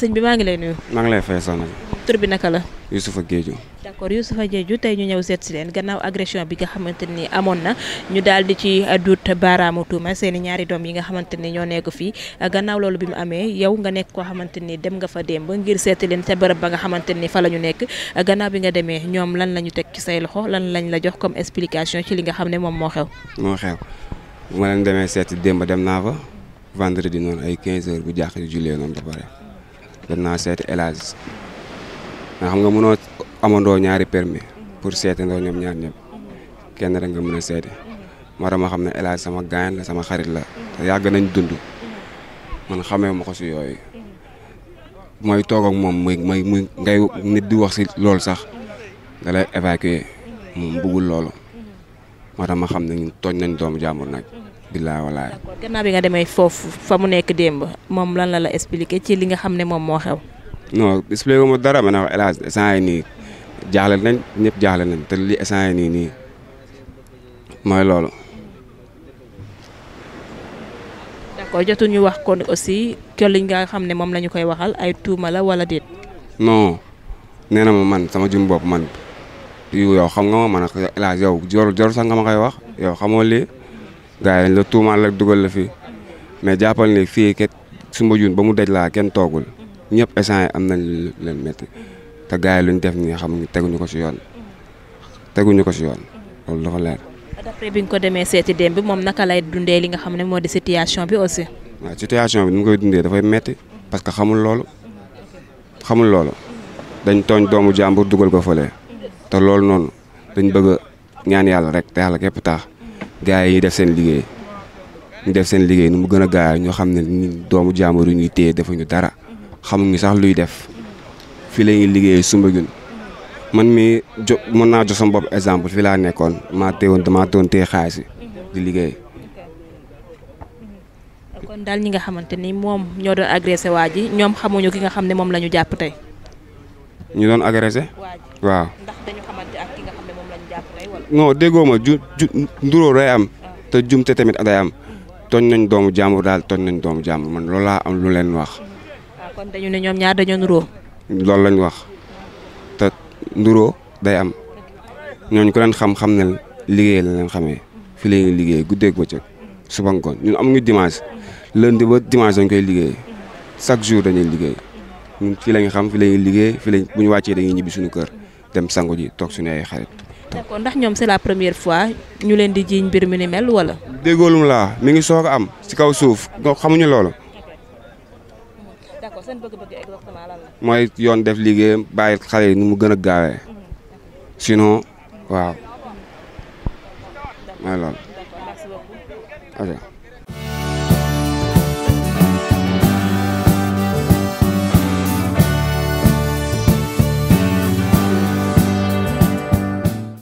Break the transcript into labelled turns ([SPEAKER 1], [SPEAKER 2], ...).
[SPEAKER 1] sëñ bi maa ngi lay nuyu.
[SPEAKER 2] maa ngi lay fay soxna tur bi naka la. Youssoufa Diédhiou.
[SPEAKER 1] d'accord Youssoufa Diédhiou tey ñu ñëw seet si leen gannaaw agression bi nga xamante ni amoon na ñu daal di ci dut baaraamu tuuma seen i ñaari doom yi nga xamante ni ñoo nekk fii gannaaw loolu bi mu amee yow nga nekk koo xamante ni dem nga fa démb ngir seeti leen ca bërëb ba nga xamante ni fa la ñu nekk gannaaw bi nga demee ñoom lan la ñu teg ci say loxo lan lañ la jox comme explication ci li nga xam ne moom moo xew.
[SPEAKER 2] moo xew bu ma leen demee seeti dem naa fa vendredi noonu ay 15 heures bu jàq di jullee noonu dem naa seeti élage nga xam nga mënoo amandoo ñaari permis pour seetandoo ñoom ñaar ñëpp kenn rek nga mën a seeti ma dama xam ne élage sama gaañ la sama xarit la te yàgg nañ dund man xamee ma ko si yooyu mooy toog ak moom muy muy muy ngay nit di wax si loolu sax da lay évacuer moom bëggul loolu moo tax ma xam ne ñun tooñ nañ doomu jàmbur nag billaa walaay. d'accord
[SPEAKER 1] gannaaw bi nga demee foofu fa mu nekk démb moom lan la la expliqué ci li nga xam ne moom moo xew.
[SPEAKER 2] non expliqué ma dara ma ne ko a Hadj nii jaaxle nañ ñëpp jaaxle nañ te li nii nii mooy loolu.
[SPEAKER 1] d'accord jotuñu wax kon aussi que liñ xam ne moom la koy waxal ay tuuma la wala déet.
[SPEAKER 2] non na ma man sama jum bopp man yow xam nga ma man El yow jor sax nga ma koy wax yow xamoo lii. gars yi la tuumaal la dugal la fii mais jàppal ne fii kat sumba jun ba mu daj laa kenn toogul ñëpp instant am nañ lu leen métti te gars yi lu ñu def nii xam teguñu ko si yoon teguñu ko si yoon loolu dafa leer.
[SPEAKER 1] ko demee seeti démb moom naka lay dundee li nga xam ne moo di situation bi aussi.
[SPEAKER 2] situation bi ni koy dundee dafay metti parce que xamul loolu xamul loolu dañ tooñ doomu jàmbur dugal ko fële te loolu noonu dañ bëgg ñaan yàlla rek te yàlla képp taax gars yi def seen liggéey ñu def seen liggéey nu mu gën a gaaw ñoo xam ne ñun doomu jaamur yi ñuy téye defuñu dara xamuñu sax luy def fii la ñuy liggéey Soumbédioune man mi jo mën naa jox sama bopp exemple fii laa nekkoon maa téewoon damaa doon téye di liggéey.
[SPEAKER 1] kon daal ñi nga xamante ni moom ñoo doon agressé waa ji ñoom xamuñu ki nga xam ne moom la ñu jàpp tey.
[SPEAKER 2] ñu doon agressé. waaw non déggoo ma ju ju nduróo day am te jum te tamit day am ton nañ doomu jàmbur daal ton nañ doomu jàmbur man loolu laa am lu leen wax.
[SPEAKER 1] waaw kon dañu ne ñoom ñaar
[SPEAKER 2] loolu lañ wax te nduróo day am ñooñu ko leen xam-xam ne liggéey la leen xamee fi la liggéey liggéey guddeeg bëccëg suba ngoon ñun amuñu dimanche lundi ba dimanche dañ koy liggéey chaque jour dañuy liggéey ñun fii lañ xam fi la liggéey fi lañ bu ñu wàccee dañuy ñibbi suñu kër dem sangu ji toog suñu ay xarit.
[SPEAKER 1] d'accord ndax ñoom c'est la première fois ñu leen di jiiñ mbir mi ni mel wala.
[SPEAKER 2] déggoolum la mi ngi soog a am ci kaw suuf xamuñu loolu. mooy yoon def liggéey bàyyi xale yi ni mu gën a gaawee mm-hmm. sinon waaw mooy mm-hmm. loolu.